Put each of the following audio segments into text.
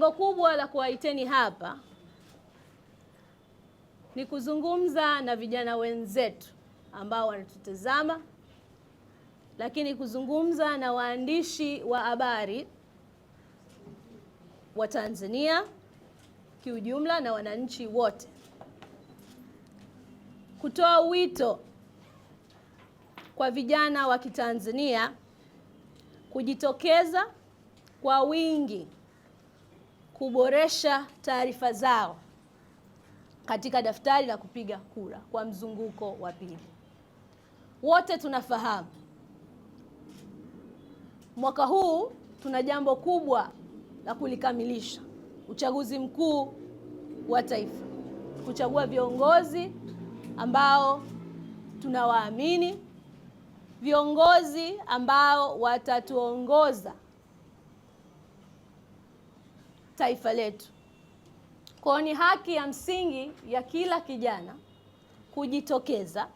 Lengo kubwa la kuwaiteni hapa ni kuzungumza na vijana wenzetu ambao wanatutazama, lakini kuzungumza na waandishi wa habari wa Tanzania kiujumla na wananchi wote, kutoa wito kwa vijana wa Kitanzania kujitokeza kwa wingi kuboresha taarifa zao katika daftari la kupiga kura kwa mzunguko wa pili. Wote tunafahamu mwaka huu tuna jambo kubwa la kulikamilisha, uchaguzi mkuu wa taifa, kuchagua viongozi ambao tunawaamini, viongozi ambao watatuongoza taifa letu. Kwa ni haki ya msingi ya kila kijana kujitokeza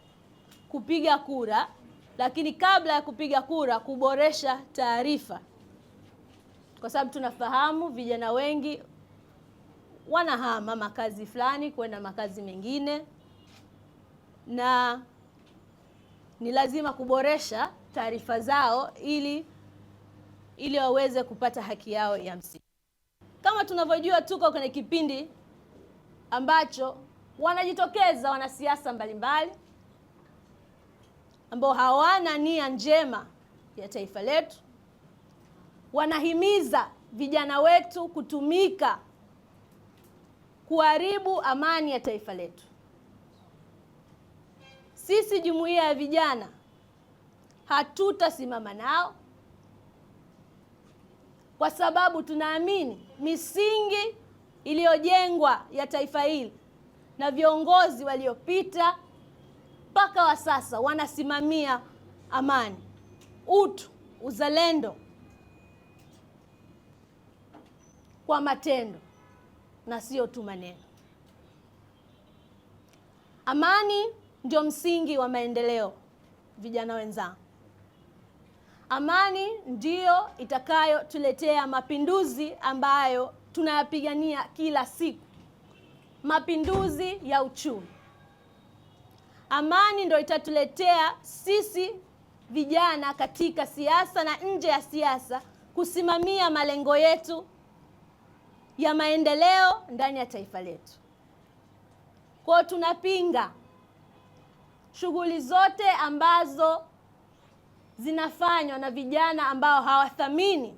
kupiga kura, lakini kabla ya kupiga kura kuboresha taarifa, kwa sababu tunafahamu vijana wengi wanahama makazi fulani kwenda makazi mengine, na ni lazima kuboresha taarifa zao ili ili waweze kupata haki yao ya msingi. Kama tunavyojua tuko kwenye kipindi ambacho wanajitokeza wanasiasa mbalimbali ambao hawana nia njema ya taifa letu, wanahimiza vijana wetu kutumika kuharibu amani ya taifa letu. Sisi jumuiya ya vijana hatutasimama nao kwa sababu tunaamini misingi iliyojengwa ya taifa hili na viongozi waliopita mpaka wa sasa wanasimamia amani, utu, uzalendo kwa matendo na sio tu maneno. Amani ndio msingi wa maendeleo, vijana wenzangu. Amani ndiyo itakayotuletea mapinduzi ambayo tunayapigania kila siku, mapinduzi ya uchumi. Amani ndio itatuletea sisi vijana katika siasa na nje ya siasa kusimamia malengo yetu ya maendeleo ndani ya taifa letu. Kwao tunapinga shughuli zote ambazo zinafanywa na vijana ambao hawathamini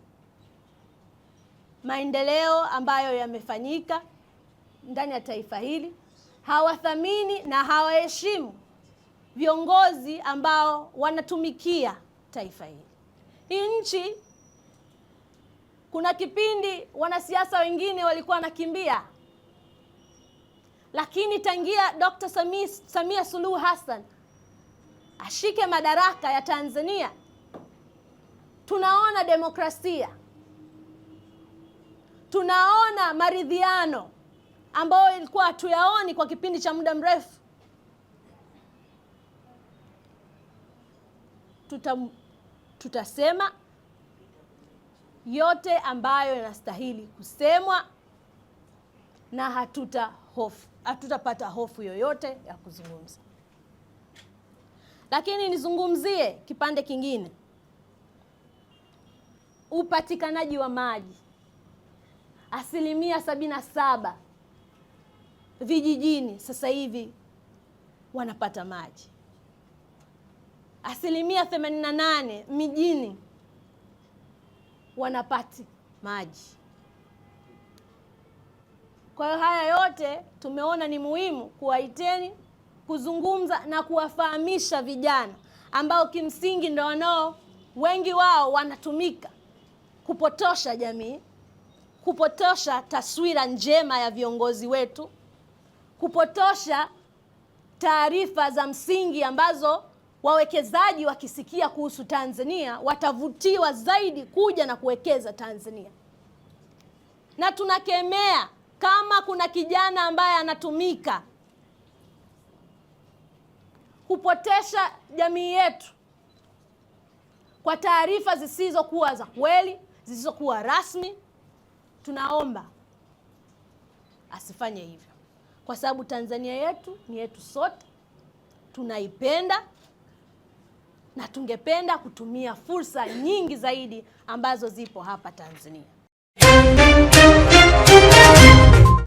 maendeleo ambayo yamefanyika ndani ya taifa hili, hawathamini na hawaheshimu viongozi ambao wanatumikia taifa hili. Hii nchi kuna kipindi wanasiasa wengine walikuwa wanakimbia, lakini tangia Dr. Samia Suluhu Hassan ashike madaraka ya Tanzania. Tunaona demokrasia, tunaona maridhiano ambayo ilikuwa hatuyaoni kwa kipindi cha muda mrefu. Tuta, tutasema yote ambayo yanastahili kusemwa na hatuta hofu, hatutapata hofu yoyote ya kuzungumza. Lakini nizungumzie kipande kingine, upatikanaji wa maji. Asilimia sabini na saba vijijini sasa hivi wanapata maji, asilimia nane mijini wanapati maji. Kwa hiyo haya yote tumeona ni muhimu kuwaiteni kuzungumza na kuwafahamisha vijana ambao kimsingi ndio wanao wengi wao wanatumika kupotosha jamii, kupotosha taswira njema ya viongozi wetu, kupotosha taarifa za msingi ambazo wawekezaji wakisikia kuhusu Tanzania watavutiwa zaidi kuja na kuwekeza Tanzania. Na tunakemea kama kuna kijana ambaye anatumika kupotesha jamii yetu kwa taarifa zisizokuwa za kweli, zisizokuwa rasmi. Tunaomba asifanye hivyo, kwa sababu Tanzania yetu ni yetu sote, tunaipenda na tungependa kutumia fursa nyingi zaidi ambazo zipo hapa Tanzania.